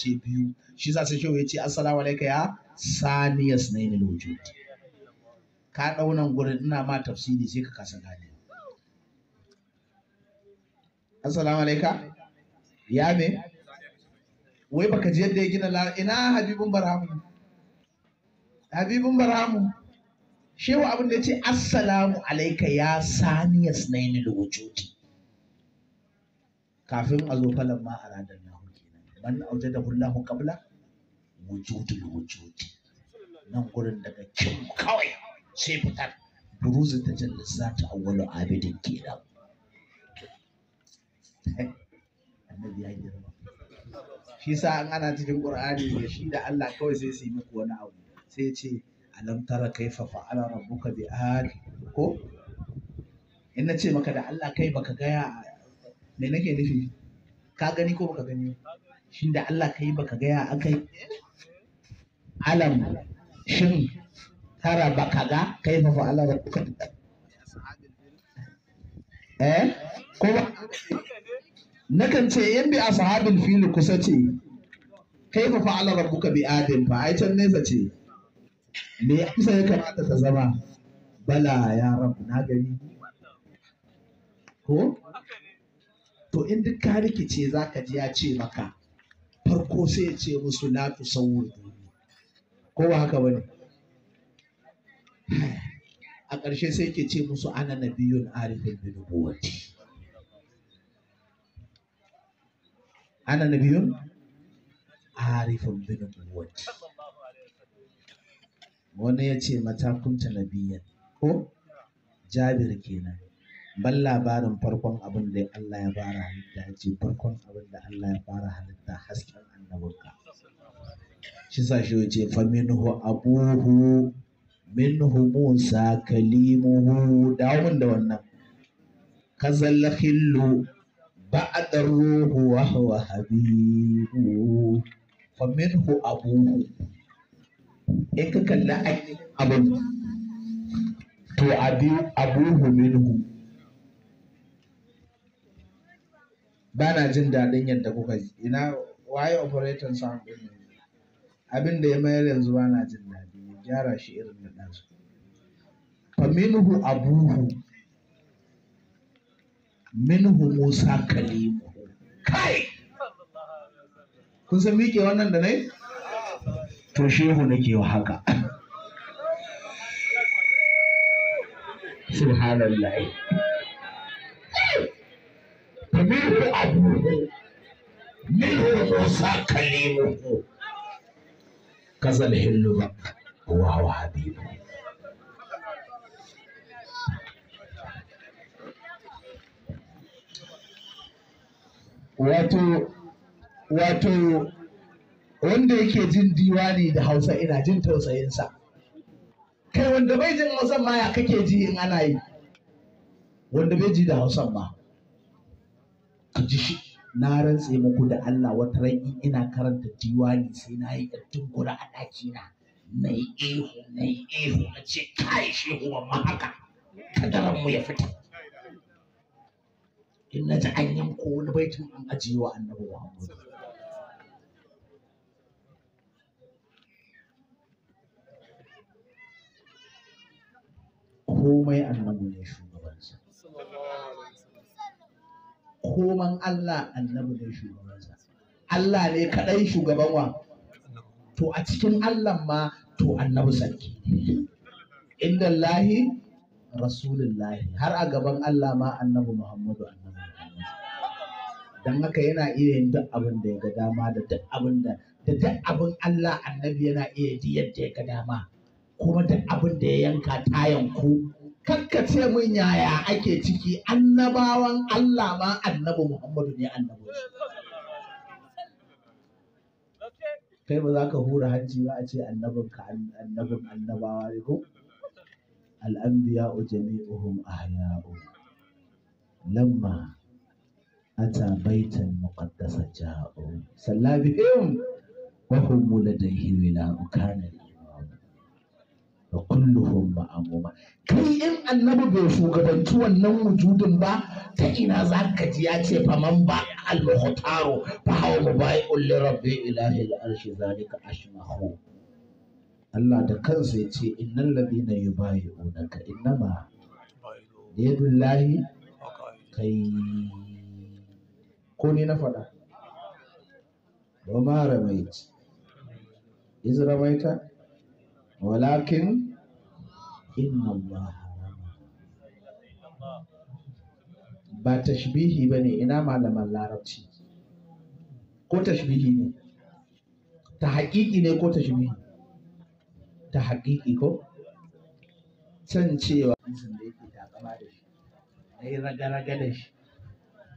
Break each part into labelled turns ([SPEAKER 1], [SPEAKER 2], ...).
[SPEAKER 1] ce biyu shi za su shehu ya ce assalamu alaika ya saniyas na yin wujud ka daunan gurin ina ma tafsiri sai ka kasa gane assalamu alaika ya me wai baka ji yadda ya gina lara ina habibun barhamu habibun barhamu shewa abin da ya ce assalamu alaika ya saniyas na yin wujud kafin a zo falon ma a ranar man aujadahu Allahu qabla wujudul wujudi nan gurin daga kin kawai sai fitar buruzu ta jallasa ta awwalu kenan annabi ya girma shi sa an ana cikin qur'ani ne, shi da Allah kawai sai su yi muku wani abu sai ya ce alam tara kaifa fa'ala rabbuka bi ahad ko in na ce maka da Allah kai baka gaya me nake nufi ka gani ko baka gani shin da Allah ka yi baka gaya a kai, alam shin tara baka ga kai fa fa Allah rabbuka eh ko ba kan ce yan bi sahabin fili kusa ce kai fa fa Allah rabbuka bi adin fa ai can nesa ce me ya kusa ya kamata ta zama bala ya rabu na gari ko to in duk ka rikice za ka ji ya ce maka farko sai ya ce musu la tu duniya, ko ba haka bane a ƙarshe sai ke ce musu ana na arifin bi nubuwati ana nabiyun arifin bi wani ya ce matakunta biyan ko jabir kenan ban labarin farkon abin da Allah ya fara halitta ya ce farkon abin da Allah ya fara halitta hasken annabinka shi sa shi ce fa minhu abuhu minhu musa kalimuhu dawo da wannan kazal khillu ba'd ruhu wa huwa habibu fa minhu abuhu in ka ainihin abin to abuhu minhu ba na jin daɗin yadda kuka ji ina waye operator sound din yanzu abin da ya mayar yanzu ba na jin daɗi ya gyara shi irin na ɗansu faminhu abuhu minhu musa kalimu kai kun san miƙe wannan da nai to shehu nake wa haka subhanallah minhu abuhu minhu musa kalimuhu kazal hillu wa huwa habibu wato wato wanda yake jin diwani da hausa ina jin tausayinsa kai wanda bai jin hausa ma ya kake ji in ana yi wanda bai ji da hausa ma ki ji shi na rantse muku da Allah wata rai ina karanta diwani sai na yi ƙarfin gura a ɗaki na na yi ihu na yi ihu na ce kai shehu amma haka kadaran mu ya fita in na ji an yanko wani baitin an ajiye wa annabi Muhammad komai annabi ne shi koman Allah annabi ne shugabansa Allah ne kaɗai shugaban wa to a cikin Allah ma to annabi sarki inda lahi rasulullahi har a gaban Allah ma annabi Muhammadu annabi dan haka yana iya yin duk abin da ya ga dama da duk abin da da duk abin Allah annabi yana iya yi yadda ya ga dama kuma duk abin da ya yanka ta yanku kakkace mun yaya ake ciki annabawan Allah ma annabi Muhammadu ne annabi kai ba za ka hura hanci ba a ce annabin ka annabin annabawa ne ko al'anbiya jami'uhum ahya'u lamma ata baitan muqaddasa ja'u sallabihim wa hum ladayhi hiwila kana wa kulluhum ma'amuma kai in annabi bai shugabanci wannan wujudin ba ta ina za ka ji ya ce fa man ba al-mukhtaru fa huwa mubai'un li rabbi ilahi al-arshi zalika ashmahu Allah da kansa ya ce innal ladina yubayi'unaka innama yadullahi kai ko ni na faɗa ba ma ramaiti iz ramaita walakin inna Allah ba tashbihi ba ne ina malaman larabci ko tashbihi ne ta haƙiƙi ne ko tashbihi ta haƙiƙi ko can cewa mutum da yake takama da shi na yi raga-raga da shi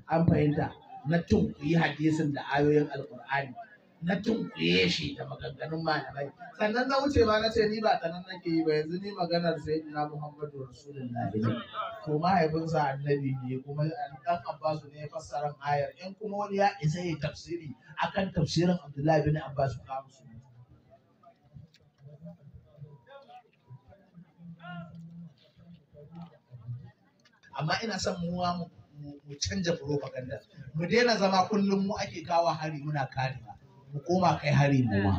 [SPEAKER 1] an fahimta na tun yi hadisin da ayoyin alƙur'ani na tunkuye shi da maganganun malamai sannan na wuce ma na ce ni ba ta nan nake yi ba yanzu ni maganar sai na muhammadu rasulullahi ne ko mahaifinsa annabi ne kuma dan abbasu ne ya fassara ayar in kuma wani ya isa yi tafsiri akan tafsirin abdullahi bin abbas ka musu amma ina son mu mu canja propaganda mu daina zama kullum mu ake kawo hari muna karewa mu koma kai hari mu ma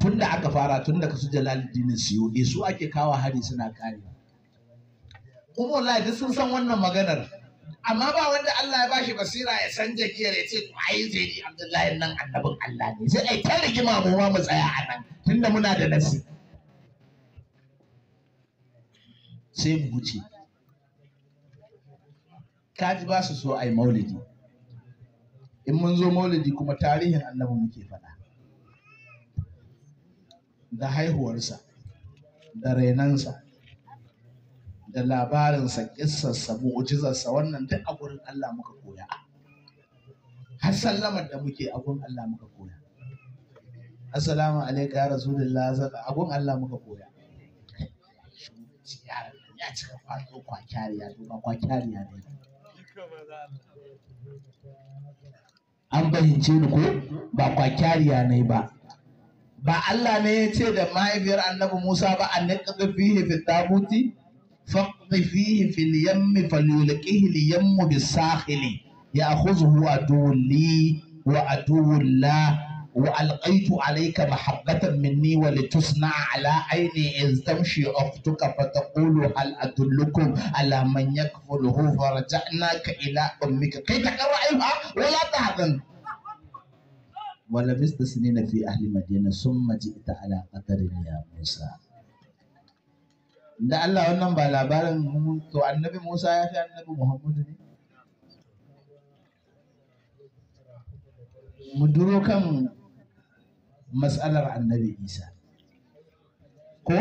[SPEAKER 1] tun da aka fara tun da kasu jalaluddinin siyudi su ake kawo hari suna kare kuma wallahi duk sun san wannan maganar amma ba wanda Allah ya bashi basira ya san jakiyar ya ce to ai zai yi Abdullahi nan annabin Allah ne sai ai ta rigima mu ma mu tsaya a nan tunda muna da nasi sai mu wuce ji ba su so a yi maulidi in mun zo maulidi kuma tarihin annabi muke faɗa da haihuwarsa da rainansa da labarinsa kissarsa ujizarsa, wannan duk a gurin Allah muka koya har sallamar da muke a gurin Allah muka koya assalamu alaikum ya rasulullah a gurin Allah muka koya yaran ya cika kwazo kwakyariya to ba kwakyariya ne an bayyance ni ko ba kwakyariya ne ba ba Allah ne ya ce da mahaifiyar annabi Musa ba an naqdi fihi fi tabuti faqdi fihi fil yammi falyulqihi al yammu bis sahili ya'khuzuhu aduwwi wa aduwwu wa alqaitu alayka mahabbatan minni wa litusna ala aini iz tamshi ukhtuka fa taqulu hal adullukum ala man yakfuluhu farja'naka ila ummika kai ta سنين في أهل مدينة ثم جئت على قدر يا موسى da Allah wannan ba labarin to annabi Musa ya fi annabi Muhammadu ne mu duro kan عن النبي isa ko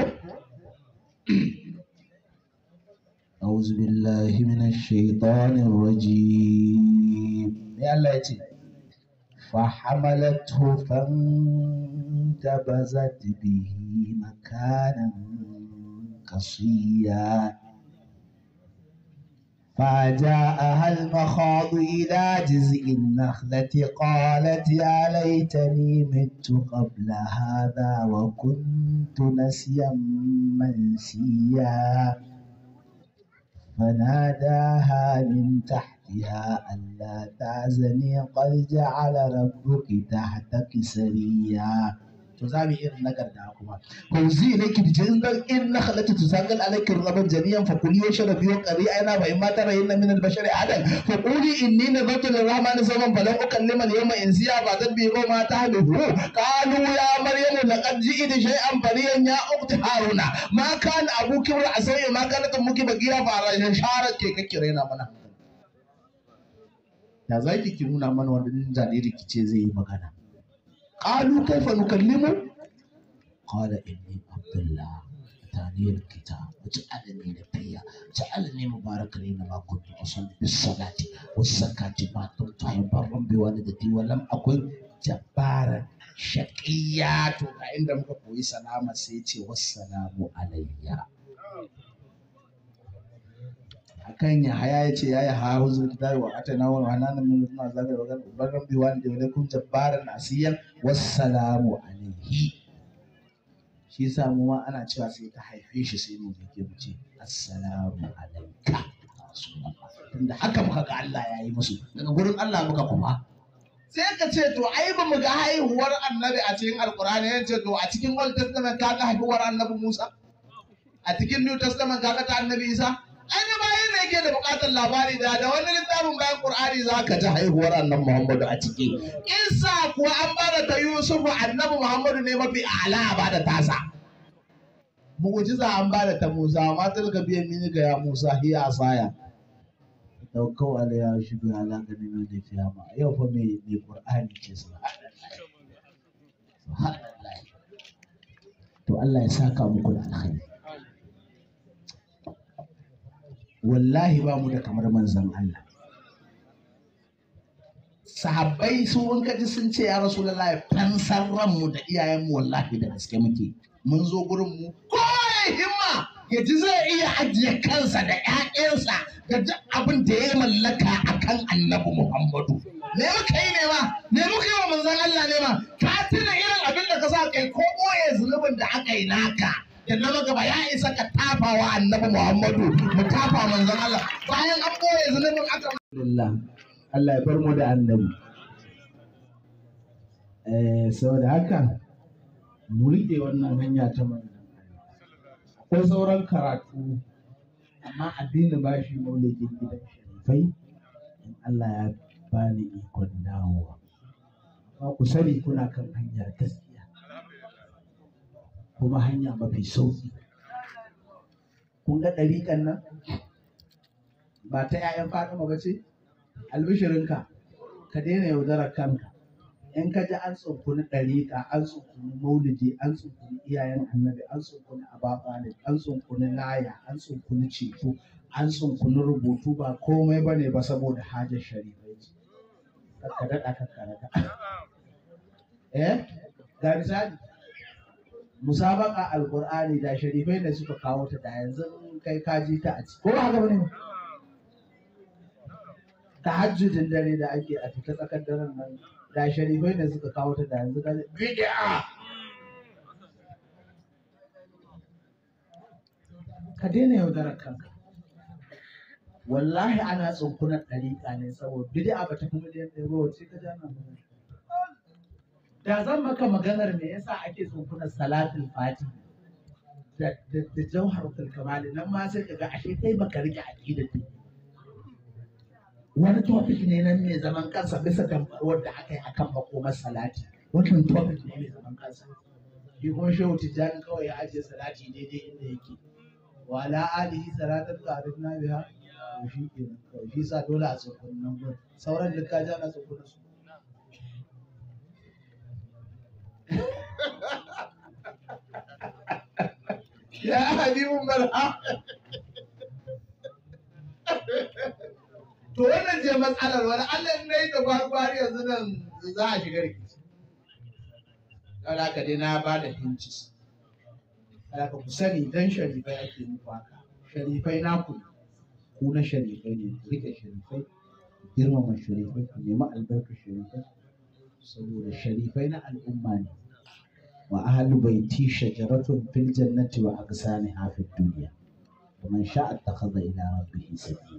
[SPEAKER 1] أعوذ بالله من الشيطان الرجيم يا الله يتي فحملته فانتبذت به مكانا قصيا فجاءها المخاض إلى جزء النخلة قالت يا ليتني مت قبل هذا وكنت نسيا منسيا فناداها من تحتها ألا تعزني قد جعل ربك تحتك سريا to za mu irin na garda kuma hauzi ne ki jin dan in na halatu tusangal alaikum rabban jami'an fa kuli wa sharabi wa qari aina fa imma tara inna min al bashari adan fa quli inni nadartu lir rahman zaman falan ukallima al yawma insiya fa tadbi ko ma tahduhu qalu ya maryam laqad ji'ti shay'an fariyan ya ukhti haruna ma kana abuki wa asai ma kanat ummuki bagiya fa sharat ke kake raina mana ya zaki ki nuna mana wani jariri kice zai yi magana قالوا كيف نكلمه قال إني عبد الله أتاني الكتاب وجعلني نبيا جعلني مباركا إنما كنت أصلي بالصلاة والزكاة ما دمت برا بوالدتي ولم أكن جبارا شقيا عندما كوي سلامة سيتي والسلام عليّ akan Yahaya ya ce ya yi ha huzur kitab wa atana wa hananan min nuna zabi wa gan barran bi wani da walakum jabbaran asiyan wassalamu alaihi shi sa mu ma ana cewa sai ta haife shi sai mu yake mu ce assalamu alaika tunda haka muka ga Allah ya yi musu daga gurin Allah muka kuma sai ka ce to ai ba mu ga haihuwar annabi a cikin alkur'ani ya to a cikin old testament ka ga haihuwar annabi Musa a cikin new testament ka ga ta annabi Isa Ana bayan da yake da bukatar labari da da wani littafin bayan Qur'ani za ka ji haihuwar annabi Muhammadu a ciki. Isa kuwa an bada ta Yusufu annabi Muhammadu ne mafi ala ba da tasa. Mu'ujiza an bada ta Musa amma tilka biyan mini ga ya Musa hiya asaya. Daukau ala ya shigo ala gani na da kiyama yau fa me ne Qur'ani ce su. To Allah ya saka muku da alheri wallahi ba mu da kamar manzan Allah Sahabai sun wanka ji sun ce ya rasu da fansar ranmu da iyayenmu wallahi da gaske muke mun zo gurin mu ko himma ya ji zai iya ajiye kansa da 'ya'yansa da duk abin da ya mallaka a kan annabi Muhammadu me muka yi ne ma me muka yi wa manzan Allah ne ma ka tuna irin abin da ka sa kai ko ɓoye zunubin da aka yi naka na gaba ya isa ka tafawa annabi Muhammadu mu tafa manzon Allah bayan an boye zunubin aka Alhamdulillah, Allah ya bar mu da annabi eh saboda haka mu rike wannan hanya ta manzon akwai sauran karatu amma addini ba shi maulidin gidan sharifai in Allah ya bani ikon dawowa ku sani kuna kan hanya ta. kuma hanya mafi sauƙi kun ga ɗariƙan nan ba ta 'ya'yan fatima ba ce albishirinka ka daina yaudarar kanka in ka ji an tsokuni ɗariƙa an tsokuni maulidi an tsokuni iyayen annabi an tsunkuni ababalin an tsokuni laya an tsokuni ceto an tsokuni rubutu ba komai ba ne ba saboda hajar sharifai ce ka daɗa ka eh ga misali musabaka alkur'ani da sharifai da suka kawo ta da yanzu kai kaji ta a ciki ko ba haka bane tahajjudin dare da ake a fita tsakar daren nan da sharifai da suka kawo ta da yanzu kaji bid'a ka daina yaudarar kanka wallahi ana tsunkunan dariƙa ne saboda bid'a ba ta kuma da yadda ba wace ka jana ba da zan maka maganar me yasa ake tsokunan salatul fati da jauhar kamali nan ma sai kaga ashe kai baka rike aqida ta wani topic ne nan mai zaman kansa bisa tambarwar da aka yi akan makomar salati wani topic ne mai zaman kansa shi kuma shehu tijjani kawai ya ajiye salati daidai inda yake wala alihi salatul qarib na biha shi kenan shi sa dole a nan gurin sauran duk ka ja na tsokunan su يا حبيب مرحبا to wannan je matsalar wani Allah na yi da gwagwari yanzu nan za a shiga rikici don haka dai na ba da hinci haka ku sani dan sharifai ake muku haka sharifai na ku ku na sharifai ne ku rike sharifai girmama sharifai ku nemi albarkar sharifai saboda sharifai na al'umma ne wa ahli baiti shajaratun fil jannati wa aqsamiha fid dunya man sha'a attakhadha ila rabbih sabila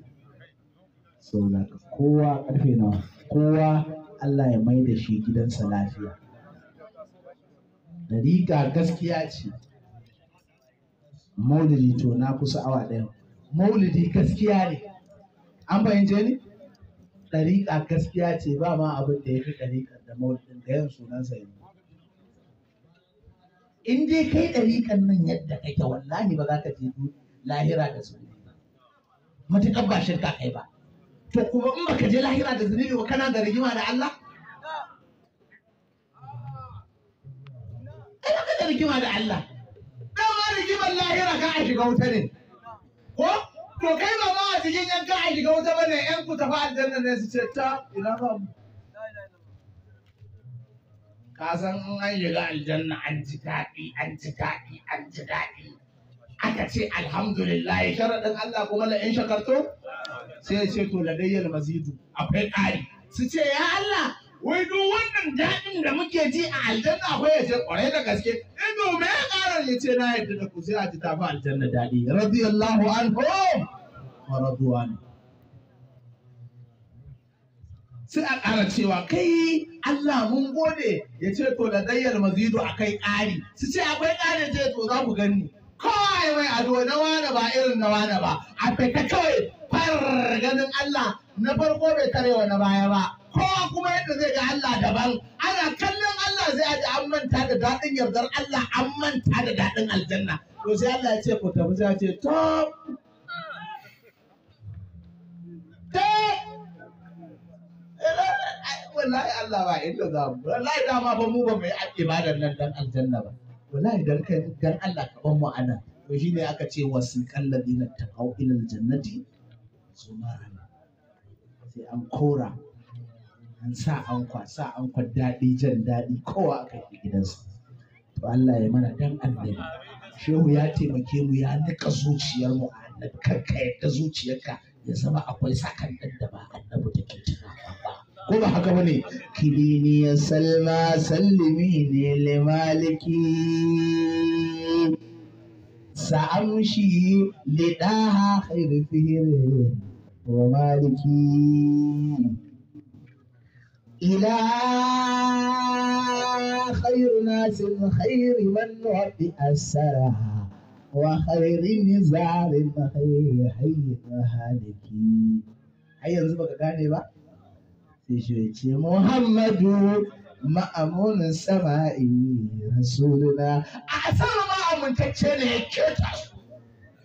[SPEAKER 1] saboda kowa karfe nawa kowa Allah ya mai da shi gidansa lafiya dariƙa gaskiya ce maulidi to na kusa awa ɗaya maulidi gaskiya ne an fahimce ni ɗariƙa gaskiya ce ba ma abin da ya fi ɗariƙar da maulidin ga yin sunansa yanzu in dai kai ɗariƙan nan yadda kake wallahi ba za ka je lahira da su ba matuƙar ba shirka kai ba to kuma in baka je lahira da zunubi ba kana da rigima da Allah ai baka da rigima da Allah ma rigimar lahira ka a shiga wuta ne ko to kai ba ma a cikin yanka a shiga wuta bane yan ku tafi aljanna ne su ce ta ina ba mu ka san an an shiga aljanna an ji daɗi an ji daɗi an ji daɗi aka ce alhamdulillah sharaɗin Allah kuma la in shakarto sai ya ce to la dayyal mazidu akwai ƙari su ce ya Allah wai duk wannan daɗin da muke ji a aljanna akwai ya ce ƙwarai da gaske in to me ya ƙara ya ce na yadda da ku sai a ji tafi aljanna daɗi radiyallahu anhu wa radwanu sai a ƙara cewa kai Allah mun gode ya ce to da gayyar mazidu kai ƙari su ce akwai ƙari ce to za ku gani kawai mai ado na wane ba irin na wane ba a fita kawai far ganin Allah na farko bai wa na baya ba kowa kuma yadda zai ga Allah daban ana kallon Allah zai aji an manta da daɗin yardar Allah an manta da daɗin aljanna to sai Allah ya ce ku tafi sai ya ce wallahi Allah ba inda za mu wallahi dama fa mu ba mu ibadar nan dan aljanna ba wallahi dan kai dan Allah ka ban mu ana to shine aka ce wasiqal ladina taqaw ila aljannati zumaran sai an kora an sa an kwasa an kwa daɗi jan daɗi kowa aka yi gidansa to Allah ya mana dan annabi shehu ya taimake mu ya nika zuciyar mu a nan yadda zuciyarka ya zama akwai sakan da annabi ko ba haka bane kidini ya salma sallimi ne limaliki sa'amshi lidaha khairu fihirin wa maliki إلى خير ناس خير من ربي أسرها وخير نزار خير حي هالكي هيا نزبك غاني بقى sheki Muhammadu ma'amunin sama'i rasuluna a sama ma'amintacce ne ya keta su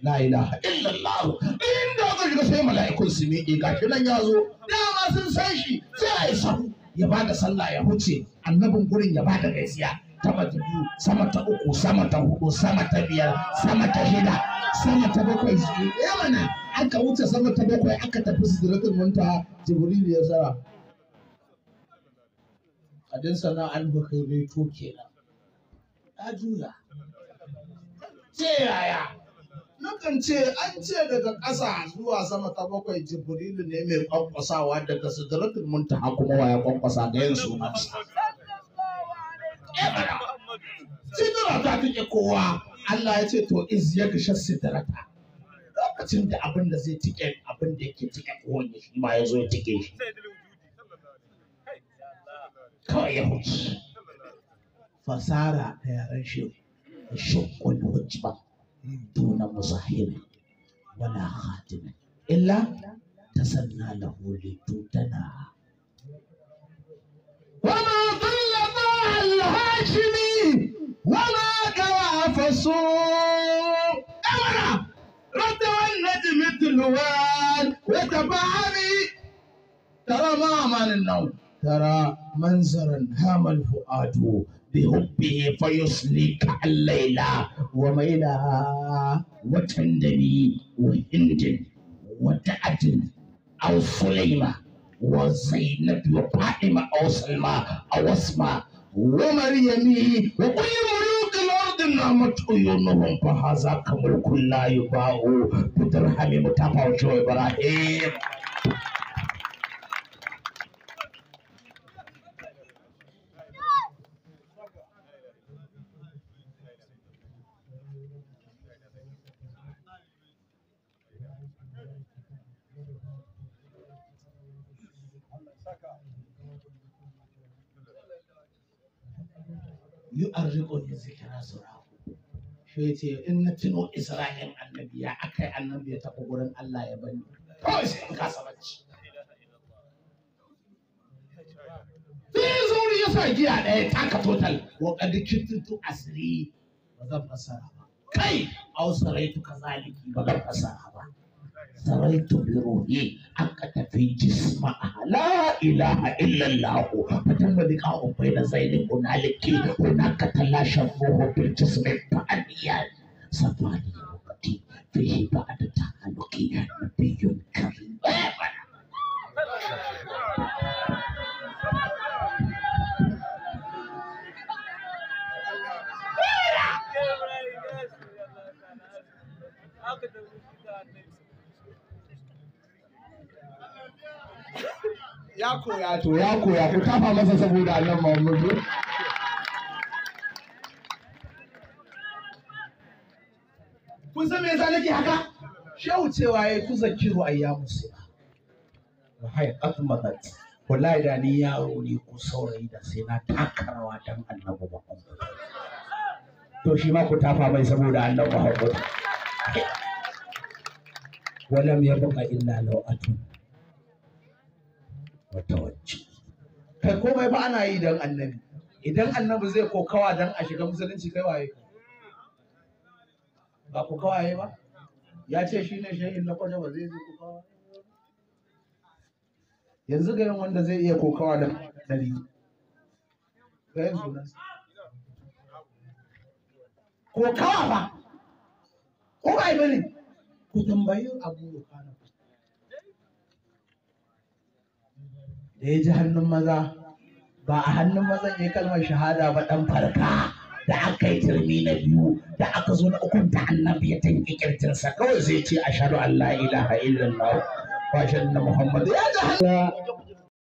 [SPEAKER 1] la ilaha illallah inda zai shiga sai mala'ikun su miƙe gashi nan ya zo dama sun san shi sai a yi sahu ya bada sallah ya huce annabin gurin ya bada gaisiya sama ta biyu sama ta uku sama ta hudu sama ta biyar sama ta shida sama ta bakwai su yi aka wuce sama ta bakwai aka tafi su ziratul muntaha jibril ya zara hadisan sana'ar albukai to kenan ya juya ce yaya nakan ce an ce daga ƙasa zuwa sama ta bakwai jibrilu ne mai ƙwanƙwasawa daga sidratul muntaha kuma waya kwankwasa da yin sunansa eh, sidira ta tuke kowa Allah ya ce to iz ya gashe sidrata lokacin da abin da zai tike abin da yake tike kowanne shi ma ya zo ya tike shi kawai ya wuce fasara da yaren shehu shukul hujba duna muzahiri wala khatima illa tasanna lahu litutana وما ضل الله الهاشمي وما كوى فسوق أمنا رد والنجم الدلوان وتبعني ترى ما أمان النوم ترى منظرا هام الفؤاد بحبه فيصلي كالليلة وميلها وتندمي وهند وتأتن أو سليمة وزينب وفاطمة أو سلمى أو أسمى ومريم وكل ملوك الأرض نامت عيونهم فهذا كملك لا يباع بدرهم متفاوت إبراهيم asrahu shi ce in na tuno Isra'il annabi ya akai annabi ya tafi gurin Allah ya bani kawai sai in kasa bacci sai zauri ya sa giya ɗaya taka total wa kadikin tuntu asiri ba zan fasara ba kai ausaraitu kazaliki ba zan fasara ba سريت بروحي أنك في جسمها لا إله إلا الله فتم لقاء بين زيني هنالك هناك تلاشى تلاشموه بالجسم بأنيان سفاني وقتي فيه بعد تهلكي نبي كريم ya koya to ya koya ku tafa masa saboda Allah Muhammadu kun san me yasa nake haka shehu cewa yayi ku zakiru ayyamu sina hay atmadat wallahi da ni yaro ne ku saurayi da sai na taka rawa dan annabi Muhammad to shi ma ku tafa mai saboda annabi Muhammad ولم يبق إلا لوعة wata wacce kai komai ba ana yi don annabi idan annabi zai kokawa don a shiga musulunci kai waye ba kokawa yi ba ya ce shi ne shehin na kwaje ba zai zai kokawa yanzu ga yin wanda zai iya kokawa da dari ga yin sunansa kokawa ba ko ba yi bane ku tambayi abu ya da hannun maza ba a hannun mazan ya kalmar shahada ba dan farka da aka yi turmi na biyu da aka zo na ukun ta annabi ya tanki kirtinsa kawai zai ce ashhadu an la ilaha illallah wa ashhadu anna muhammadu ya ji hannun